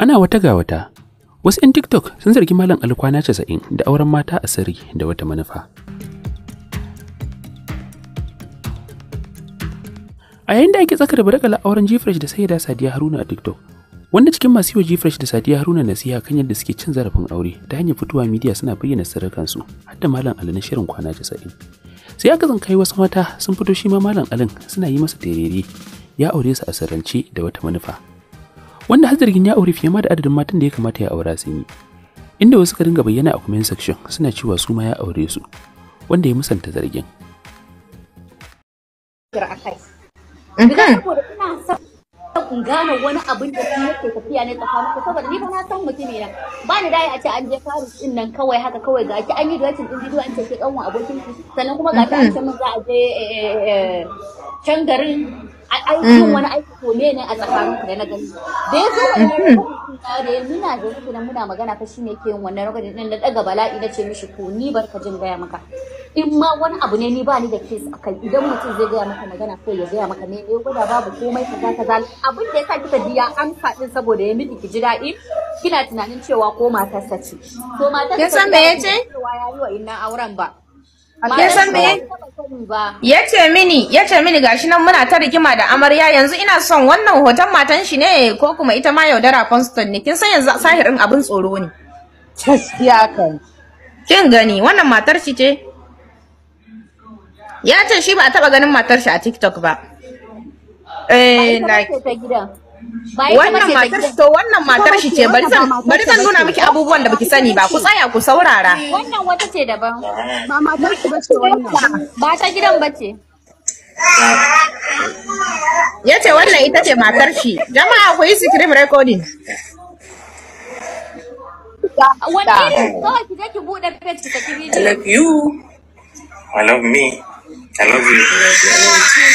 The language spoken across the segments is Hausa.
ana wata ga wata wasu 'yan tiktok sun zargi malam alkwana casa'in da auren mata a sirri da wata manufa a yayin da ake tsakar da barakala auren jifresh da sayyada sadiya haruna a tiktok wanda cikin masu yiwa jifresh da sadiya haruna nasiha kan yadda suke cin zarafin aure ta hanyar fitowa midiya suna bayyana sarakansu har da malam ali na shirin kwana casa'in sai aka zankai wasu mata sun fito shi ma malam alin suna yi masa tereri ya aure su a sirrance da wata manufa wanda har zargin ya aure fiye ma da adadin matan da ya kamata ya aura sun yi inda wasu ka dinga bayyana a comment section suna cewa su ma ya aure su wanda ya musanta zargin in gane wani abin da kuma ke tafiya ne tsakanin ku saboda ni ba na san mutumi na ba ni dai a ce an je Paris din nan kawai haka kawai ga ki an yi duwatin din bidiyo an ce ke kanwa abokin ku sannan kuma ga ta an ce mun za a je eh, eh, eh, can garin a aikin mm. wani aiki ko me ne a tsakanin ku da na gani da ya zo mm-hmm. da ya nuna da yake nan muna magana fa shine ke yin wannan ragadin din na daga bala'i na ce mishi ko ni barka jin gaya maka in ma wani abu ne ni ba ni da kes akai idan mutum zai gaya maka magana ko ya gaya maka ne ne gwada babu komai kaza kaza abin da sa kika biya amsa din saboda ya miki ki ji daɗi kina tunanin cewa ko matarsa ce to matarsa ce ya san me yace cewa yayi wa inna auren ba Kin san me? Yace mini, yace mini gashi nan muna ta rigima da amarya yanzu ina son wannan hoton matan shi ne ko kuma ita ma yaudara Constant ne. Kin san yanzu sahirin abin tsoro ne. Gaskiya kan. Kin gani wannan matar shi ce? Ya ce shi ba a taba ganin matar shi a TikTok ba. Eh, like. wannan matar to wannan matar shi ce bari zan bari zan nuna miki abubuwan da baki sani ba ku tsaya ku saurara wannan wata ce daban ba matar ki bace wannan ba ta gidan bace ya wannan ita ce matar shi jama'a ku yi screen recording Wani buɗe I love you. I love me. I love you.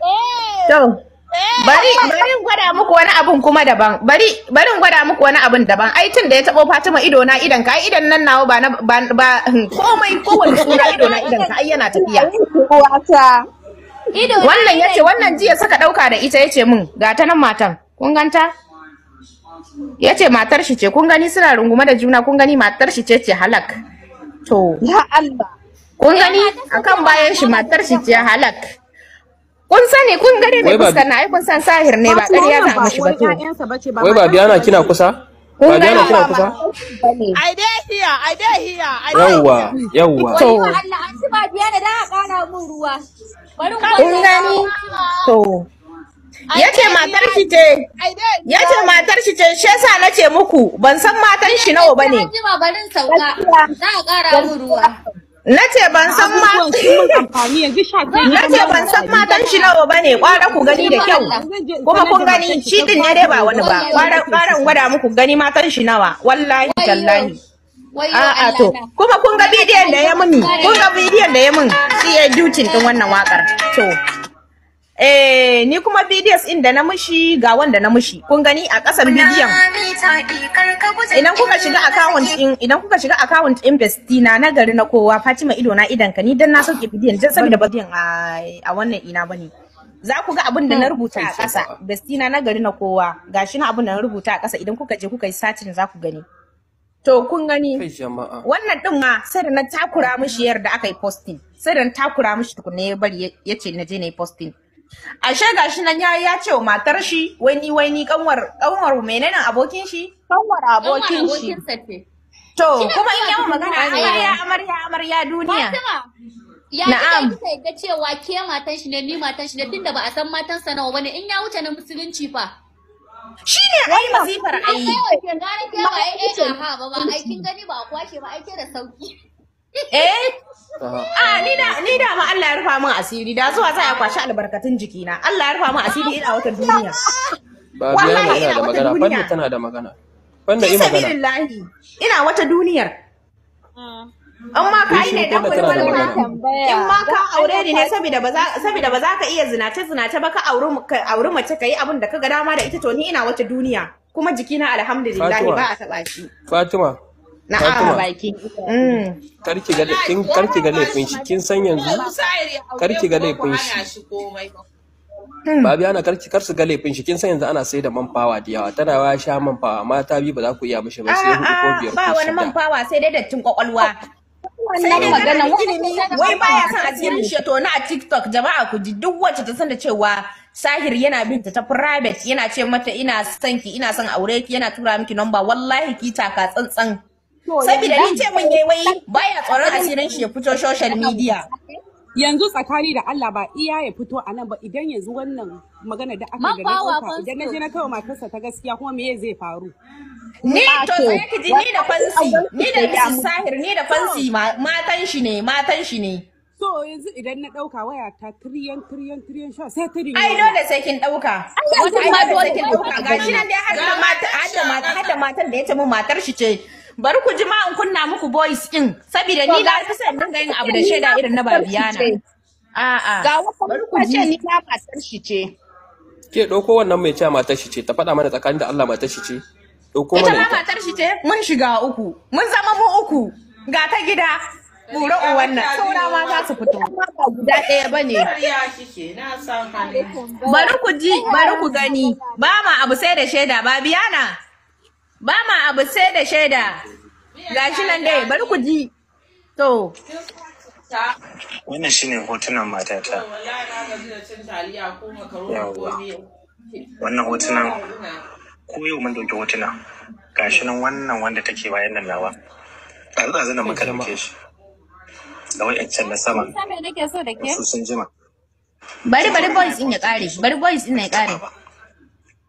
Eh. Eh, bari bari gwada muku wani abun kuma daban bari bari gwada muku wani abun daban ai tun da ya tabo Fatima ido na idan ka idan nan nawo ba ba ba hmm, komai kowanne sura ido na idan ka ai yana tafiya wannan yace wannan jiya saka dauka da ita yace min ga ta nan matan kun ganta yace matar shi ce kun gani suna runguma da juna kun gani matar shi ce ce halak to ya Allah kun gani akan bayan shi matar shi ce halak kun sani kun gare ne fuskar na ai kun san sahir ne ba ƙarya na shi ba to wai ba biyana kina kusa kun ga kina kusa i dey here i dey here i yawa yawa to Allah an ci ba biyana da ka kana mun ruwa bari kun gani to yace matar shi ce yace matar shi ce shi yasa nace muku ban san matan shi nawa bane ba barin sauka za a kara mun ruwa Na ce ban san ma Na ce ban san matan shi nawa bane kwara ku gani da kyau kuma kun gani shi din ne dai ba wani ba kwara kwara gwada muku gani matan shi nawa wallahi tallahi a'a to kuma kun ga bidiyon da ya muni kun ga bidiyon da ya mun shi ya duty din wannan wakar to Eh, ni kuma videos ɗin da na mushi ga wanda na mushi. Kun gani a kasan bidiyon. Idan kuka shiga account ɗin, idan kuka shiga account ɗin Bestina na gari na kowa Fatima ido na idan ka ni dan na sauke bidiyon dan saboda bidiyon a wannan ina bane. Za ku ga abin da na hmm. rubuta a ƙasa. Bestina na gari na kowa. Gashi na abin da na rubuta a ƙasa idan kuka je kuka yi satin za ku gani. To kun gani wannan din ma sai da na takura yar yarda aka yi posting sai da na takura mushi tukunna ya bari ya ce na je na yi posting ashe gashi nan ya ya ce wa matar shi wai ni wai ni kanwar kanwar menene abokin shi kanwar abokin shi to kuma in yawan magana amarya amarya amarya duniya Ya Ya kika yadda cewa ke matan shi ne ni matan shi ne tunda ba a san matan sa nawa bane in ya wuce nan musulunci fa. Shi ne ai masifar ai. Ai kai wa ke gane ke ba ai eh ha ba ba ai kin gani ba kwashe ba ai ke da sauki. eh Ah, ni da ni da ma Allah ya rufa min asiri da zuwa sai ya kwashi albarkatun jikina Allah ya rufa min asiri ina wata duniya ba biya ina da magana fanni tana da magana fanni yi magana ina wata duniyar ah. in ma ka yi ne da gurgurin ka in ma ka aure ni ne saboda ba za saboda ba za ka iya zinace zinace ba ka aure ka aure mace kai abin da ka ga dama da ita to ni ina wata duniya kuma jikina alhamdulillah ba a taba shi Fatima na'am baki mm. karki ga kin karki ga laifin shi kin san yanzu karki ga laifin shi ba biya na karki kar su ga laifin shi kin san yanzu ana sai da man fawa da yawa tana wa sha man fawa mata bi ba za ku iya mishi ba sai hudu ko biyar ba wani man fawa sai dai dattin kwakwalwa wannan magana wai baya son cikin shi to na a TikTok jama'a ku ji duk wacce ta san da cewa Sahir yana binta ta private yana ce mata ina son ki ina son aure ki yana tura miki number wallahi ki taka tsantsan Saboda ni mun yayi wai baya tsoron asirin shi ya fito social media. Yanzu tsakani da Allah ba iya ya fito a nan ba idan yanzu wannan magana da aka gani ka idan na je na kawo matarsa ta gaskiya kuma me zai faru. Ni to sai ki ji ni da fansi ni da Mrs. Sahir ni da fansi matan shi ne matan shi ne. So yanzu idan na dauka waya ta tiriyan tiriyan tiriyan sha sai ta riyo. Ai dole sai kin dauka Wata ma dole kin dauka gashi nan dai har da matan da ya ce mu matar shi ce. bari ku ji ma in kunna muku boys din saboda ni da fi sai ga yin abu da shaida irin na babiyana a'a ga wata ku ce ni na matar shi ce ke dauko wannan mai cewa matar shi ce ta faɗa mana tsakanin da Allah matar shi ce dauko mana ita matar shi ce mun shiga uku mun zama mu uku ga ta gida Bura u nan saura ma za su fito. Ba guda ɗaya ba ne. Bari ku ji, bari ku gani. Ba ma abu sai da shaida ba ba ma abu sai da shaida gashi nan dai bari ku ji to wannan shine hotunan matata yawwa wannan hotunan ko yau mun dauki hotuna gashi nan wannan wanda take bayan nan nawa a zuwa nan maka dauke shi da ancan na sama wasu sun jima bari bari boys din ya kare bari boys din ya kare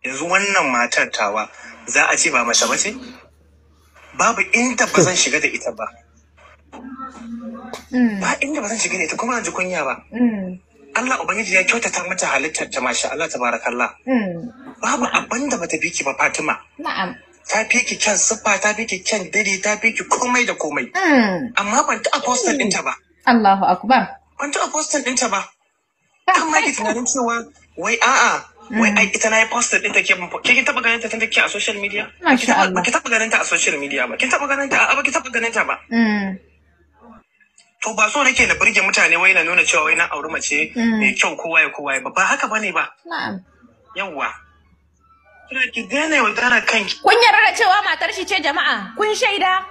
yanzu wannan matar tawa za a ce ba mace ba ce babu inda ba zan shiga da ita ba mm. ba inda ba zan shiga da ita kuma ji kunya ba mm. Allah ubangiji ya kyautata mata halittar ta masha Allah tabarakallah mm. babu abin da bata biki ba Fatima na'am ta fiki kyan siffa ta fiki kyan dare ta fiki komai da komai amma ban ta apostle ɗinta ba Allahu akbar ban ta apostle ɗinta ba kan ma ki tunanin cewa wai a'a wai hmm. ai ita na yi poster ɗin take ban ke kin taɓa ganin ta tun take a social media ba ki taɓa ganin ta a social media ba kin taɓa ganin ta a ba ki taɓa ganin ta ba hmm. to ba so nake na burge mutane wai na nuna cewa wai na auri mace hmm. mai kyau kowa ya kowa ba ba haka bane ba Kina ki gane yaudara kanki kun yarda da cewa matar shi ce jama'a kun shaida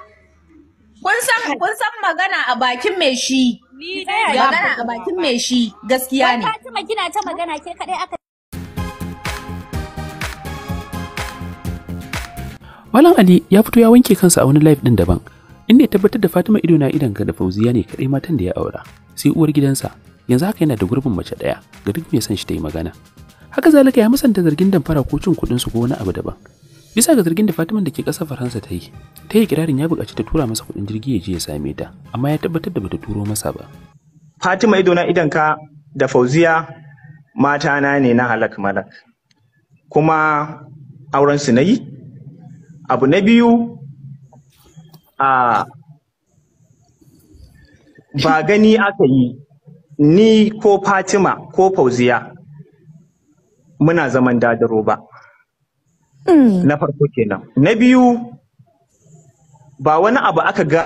kun san kun san magana a bakin mai shi Ni magana a bakin mai shi gaskiya ne Fatima kina ta magana ke kadai aka Malam Ali ya fito ya wanke kansa a wani live din daban, inda ya tabbatar da Fatima ido na idan da Fauziya ne kaɗai matan da ya aura, sai uwar gidansa. Yanzu haka yana da gurbin mace ɗaya ga duk mai son shi ta yi magana. Haka zalika ya musanta zargin damfara ko cin kuɗin su ko wani abu daban. Bisa ga zargin da Fatima da ke ƙasar Faransa ta yi, ta yi kirarin ya buƙaci ta tura masa kuɗin jirgi ya je ya same ta, amma ya tabbatar da bata turo masa ba. Fatima ido na idan ka da Fauziya matana ne na halak malak. Kuma auren su na yi abu na biyu a ba gani aka yi ni ko fatima ko fauziya muna zaman dadaro ba hmm. na farko kenan na biyu ba wani abu aka ga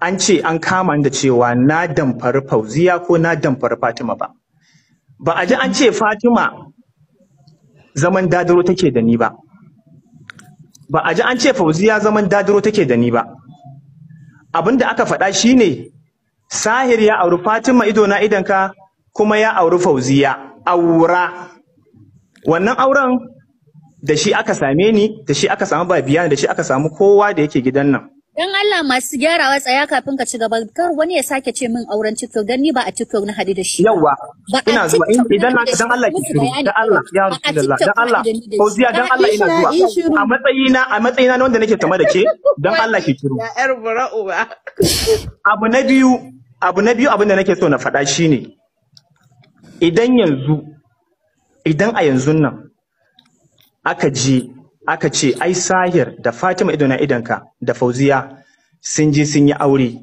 an ce an kama da cewa na damfari fauziya ko na damfari fatima ba ba a ji an ce fatima zaman dadaro take da ni ba ba a ji an ce fauziya zaman dadiro take da ni ba abin da aka faɗa shi ne. sahir ya auri fatima idona idanka kuma ya auri fauziya aura wannan auren da shi aka same ni da shi aka samu babiya da shi aka samu kowa da yake gidan nan Dan Allah masu gyarawa tsaya kafin ka ci gaba kar wani ya sake ce min auren TikTok dan ni ba a TikTok na haɗu da shi. Yawa. Ina zuwa idan na dan Allah ki shiru dan Allah ya Allah dan Allah ziya dan Allah ina zuwa. A matsayina a matsayi na wanda nake tama da ke dan Allah ki shiru. Ya yar bura'u ba. Abu na biyu abu na biyu abin da nake so na faɗa shine idan yanzu idan a yanzu nan aka je aka ce ai Sahir da Fatima ido na idonka da Fauziya sun je sun yi aure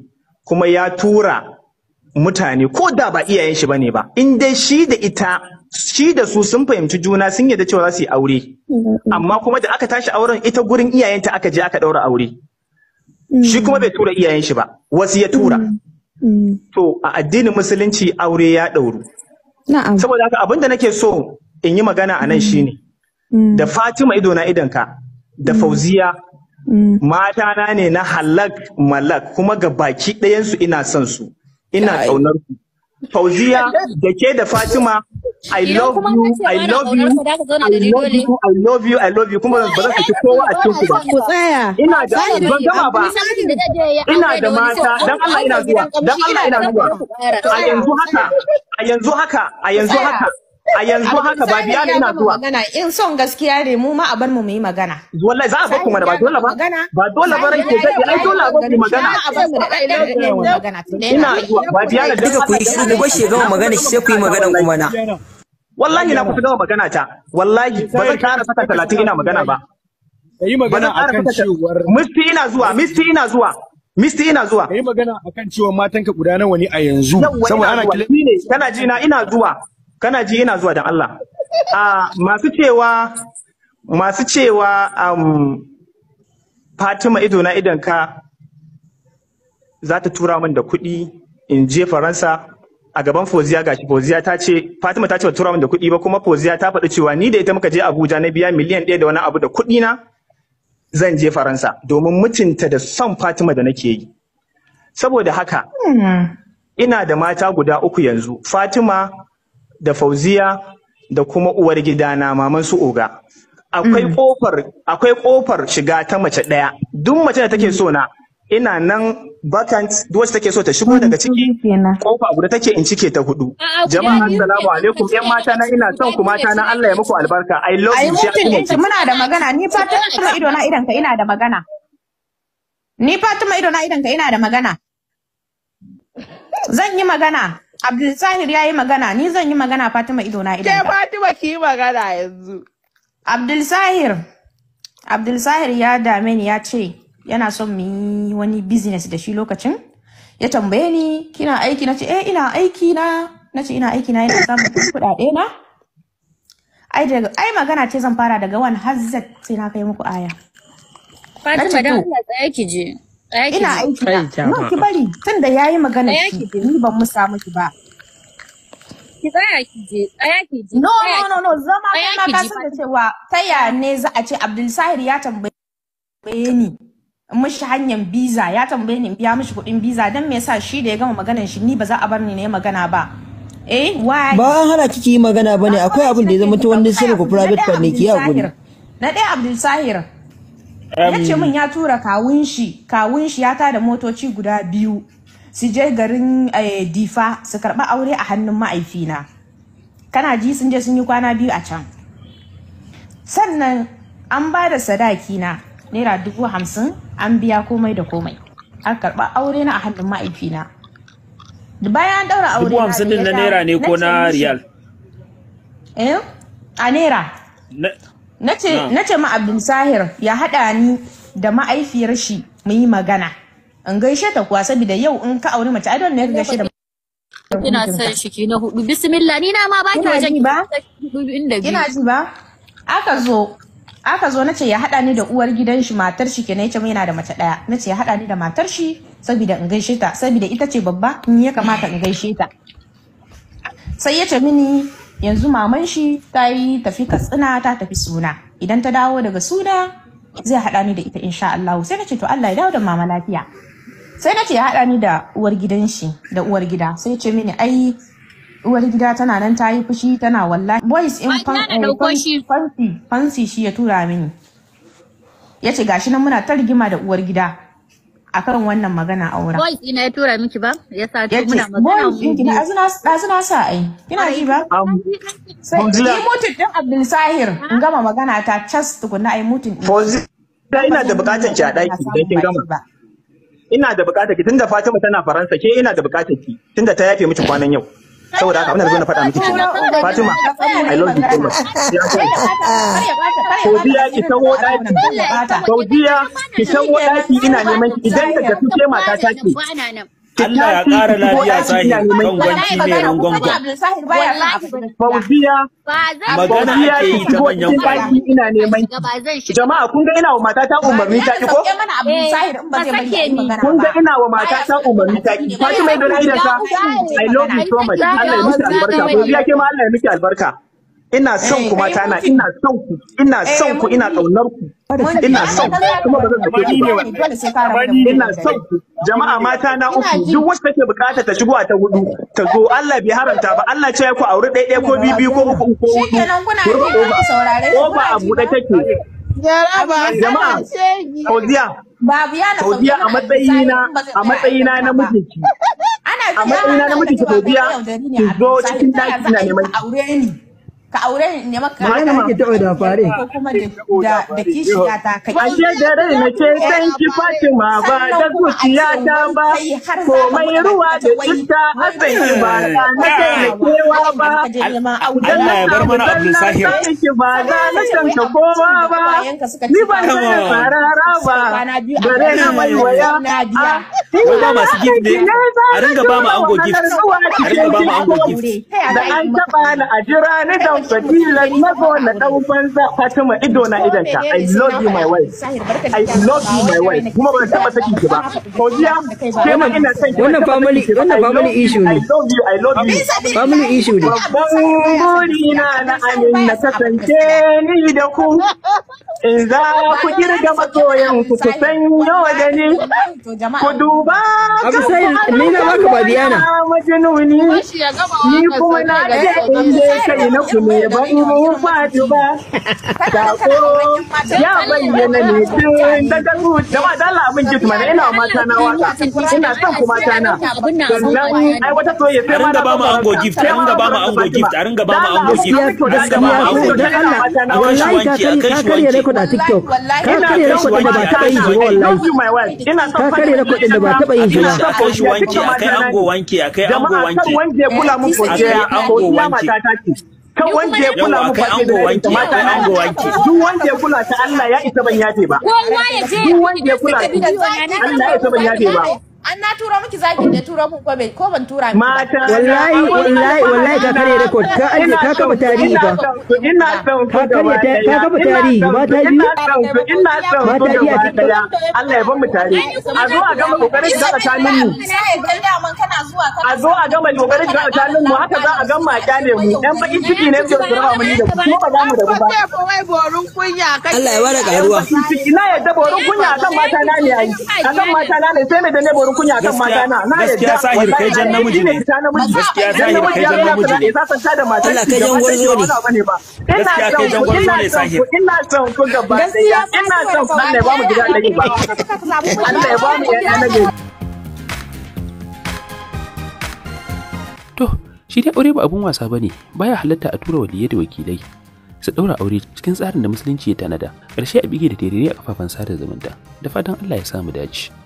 kuma ya tura mutane ko da ba iyayen shi bane ba in dai shi da ita shi da su sun fahimci juna sun yarda cewa za su yi aure amma kuma da aka tashi auren ita gurin iyayenta aka je aka ɗaura aure shi kuma bai tura iyayen shi ba wasu ya tura mm-hmm. to a addinin musulunci aure ya dauru saboda haka abin da nake so in yi magana a nan mm-hmm. ne. Mm. da Fatima idona idonka da mm. Fauziya mm. mata na ne na halak malak kuma ga baki ɗayansu ina son su ina ƙaunar su. Fauziya da ke da Fatima I love you, I love you, I love you, I love you, I love you, kuma ba za ka ci kowa a cikin ku ba. Ina da ban gama ba. Ina da mata, dan Allah ina zuwa, dan Allah ina zuwa. A yanzu haka, a yanzu haka, a yanzu haka. a yanzu haka ba biya ne ina zuwa magana in son gaskiya ne mu ma a bar mu mu yi magana wallahi za a ba ku da ba dole ba ba dole ba ke da ai dole a ba ku magana ina zuwa ba biya ne duka ku yi shi ne goshe gama magana shi sai ku yi magana kuma na wallahi na ku gama magana ta wallahi ba zan kara saka 30 ina magana ba yi magana akan cewar misti ina zuwa misti ina zuwa Misti ina zuwa. Kai magana akan cewa matanka guda nawa ne a yanzu. Saboda ana kana ji na ina zuwa. kana ji ina zuwa dan Allah a masu cewa masu cewa um, Fatima ido na idan ka za ta tura min da kuɗi in je Faransa a gaban Foziya gashi Foziya ta ce Fatima ta ce ba tura min da kuɗi ba kuma Foziya ta faɗi cewa ni da ita muka je Abuja na biya miliyan ɗaya da wani abu da kuɗi na zan je Faransa domin mutunta da son Fatima da nake yi saboda haka hmm. ina da mata guda uku yanzu Fatima da fauziya da kuma uwar gidana maman su oga akwai kofar mm. shiga ta mace ɗaya. duk mace da take mm. so na ina nan vacant duk wacce take so ta shigo daga ciki kofa guda take in cike ta hudu jama'a assalamu alaikum yan mata na ina son ku mata na Allah ya muku albarka i love you shi muna da magana ni Fatima ido na idan ka ina da magana ni Fatima ido na idan ka ina da magana zan yi magana Abdulsahir ya yi magana, ni zan yi magana Fatima idona idan. Ke Fatima ki yi magana yanzu. Abdulsahir, Abdulsahir ya dame ni ya ce yana son mu yi wani business da shi lokacin. Ya tambaye ni, kina aiki na ce, eh ina aiki na, na ce ina aiki na yana samun kuɗaɗe na. Ai ai magana ce zan fara daga wani hazzat sai na kai muku aya. Fatima dan Allah tsaya ki je. ina aiki na ki bari tun da yayi magana ki ni ban samu ki ba ki tsaya ki je tsaya ki je no no no no zama kai ma ka san da cewa taya ne za a ce Abdul Sahir ya tambaye ni mishi hanyar biza ya tambaye ni biya mishi kuɗin biza dan me yasa shi da ya gama maganar shi ni ba za a bar ni ne magana ba eh why ba an hana kiki yi magana bane akwai abin da ya zama ta wani sirri ko private part ne ki hakuri na ɗaya Abdul Sahir ya ce min ya tura kawun shi kawun shi ya tada motoci guda biyu su je garin eh, difa su karɓi aure a hannun ma'aifina kana ji sun je sun yi kwana biyu a can sannan an ba da sadaki na naira dubu hamsin an biya komai da komai an karba aure na a hannun ma'aifina bayan an daura aure dubu hamsin na naira ne ko na riyal eh a naira na ce ma abdul sahir ya haɗa ni da ma'aifiyar shi mu yi magana in gaishe ta kuwa saboda yau in ka auri mace adon ne ka gaishe da ina son shiki na hudu bismillah ni na ma ba ki wajen ba ina ji ba aka zo aka zo nace ya hada ni da uwar gidan shi matar shi kenan yace yana da mace daya nace ya hada ni da matar shi saboda in gaishe ta saboda ita ce babba in ya kamata in gaishe ta sai yace mini yanzu maman shi ta yi tafi katsina ta tafi suna idan ta dawo daga suna zai haɗa ni da ita insha Allah sai na ce to Allah ya dawo da mama lafiya sai na ce ya haɗa ni da uwar gidan shi da uwar gida sai ce mini ai uwar gida tana nan ta yi fushi tana wallahi boys in fancy fancy eh, shi ya tura mini ya ce gashi nan muna ta rigima da uwar gida akan wannan magana wurin. Voice ina ya tura miki ba? Ya sa ta muna magana. Voice din kina azuna sa ai. Kina ji ba? Um, Sai ni mutum din Abdul Sahir in gama magana ta cas tukunna ai mutum. Fonzi ina da bukatar ki a daki idan kin gama. Ina da bukatar ki tunda Fatima tana Faransa ke ina da bukatar ki tunda ta yafe miki kwanan yau. saboda haka abinda da zo na faɗa miki kenan Fatima I love you so much Saudiya ki san ɗaki Saudiya ki taho ɗaki ina neman ki idan daga ke mata ta ke Allah ya ƙara lafiya sahi kan gwanci mai rangon gwa. Fauziya, magana ake yi ta manyan kwaki. Ina neman Jama'a kun ga ina wa matata umarni ta ki ko? Eh, kun ga ina wa matata umarni ta ki. Fatima Ibrahim Idanta, I love you so much. Allah ya miki albarka. Fauziya ke ma Allah ya miki albarka. ina eh, son ku mata na ina son ku ina eh, son ku ina kaunar ku ina son ku kuma ba zan ku ina son ku jama'a mata na uku duk wacce take bukata ta shigo ta hudu ta zo Allah bai haramta ba Allah ce ya ku aure ɗaya ko bibi ko uku ko hudu ku rufe a buɗe take jama'a Fauziya Fauziya a matsayina a matsayina na mijinki a matsayina na mijinki Fauziya ki zo cikin daki na neman ka aure ni ne maka ma ina ake taɓa da fare ko kuma da da kishiya ta kai ashe da rai na ce san ki Fatima ba da zuciya ta ba komai ruwa da citta hasan ki ba na kai da kewa ba Allah ya bar mana Abdul Sahir ba na na san ka kowa ba ni ban san sarara ba bare na mai waya Wai ba masu gift ne? A ringa ba mu ango gift. A ringa ba mu ango gift. Da an taba ni a jira ni dan fadilan na zo na dau banza Fatima ido na idan ta. I love you my wife. I love you my wife. Kuma ban taɓa saki ki ba. Fauziya, ke ma ina son ki. Wannan family, wannan family issue ne. I love you, I love you. Family issue ne. Babban burina na amin na kasance ni da ku. In za ku kirga masoyan ku ku san yau da ni. Ku duba abu sai ni na baka ba ni kuma na ce in dai kai na kuma ba mu fatu ba ta ya bayyana ne tun mun ji ina mata na waka ina son ku mata na sannan ai wata toye sai ma da ba mu ango gift a ringa ba mu ango gift a ringa ba mu ango gift a ringa ba ango Allah wallahi ka rekod a TikTok ka rekod da ba yi wallahi ka rekod da ba ba taba yin hira a kai shi wanki akai ango wanki akai ango wanki wanda ya kula mun ko ya ango wanke kan wanda ya kula mu fa da wanki mata ango wanke duk wanda ya kula ta Allah ya isa ban yafe ba duk wanda ya kula ta Allah ya isa ban yafe ba an na tura miki zaki da tura mun ko ko ban tura miki mata wallahi wallahi wallahi ka kare record ka aje ka kafa tarihi ba ina son ka kare ka kafa tarihi mata yi ina son mata yi a cikin Allah ya bar mu tare a zo a gama kokarin da tsakanin mu a zo a gama kokarin da tsakanin mu haka za a gama kyale mu dan bakin ciki ne ke tsara mu ni da ko ba za mu da ba kunya. Allah ya wada karuwa ina yadda borun kunya kan mata na ne ai akan mata na ne sai ne da ne borun tsoron kunya kan mata na na yadda gaskiya sahir kai jan namiji ne gaskiya sahir kai jan namiji ne za ta da mata Allah kai jan gwarzo ne gaskiya kai jan gwarzo ne sahir ina son ku gaba gaskiya ina son ku ne ba mu gida da ba Allah ya ba mu ya na to shi dai aure ba abun wasa bane baya halatta a tura waliyai da wakilai su ɗaura aure cikin tsarin da musulunci ya tanada ƙarshe a bige da terere a kafafen sada zumunta da fatan Allah ya samu dace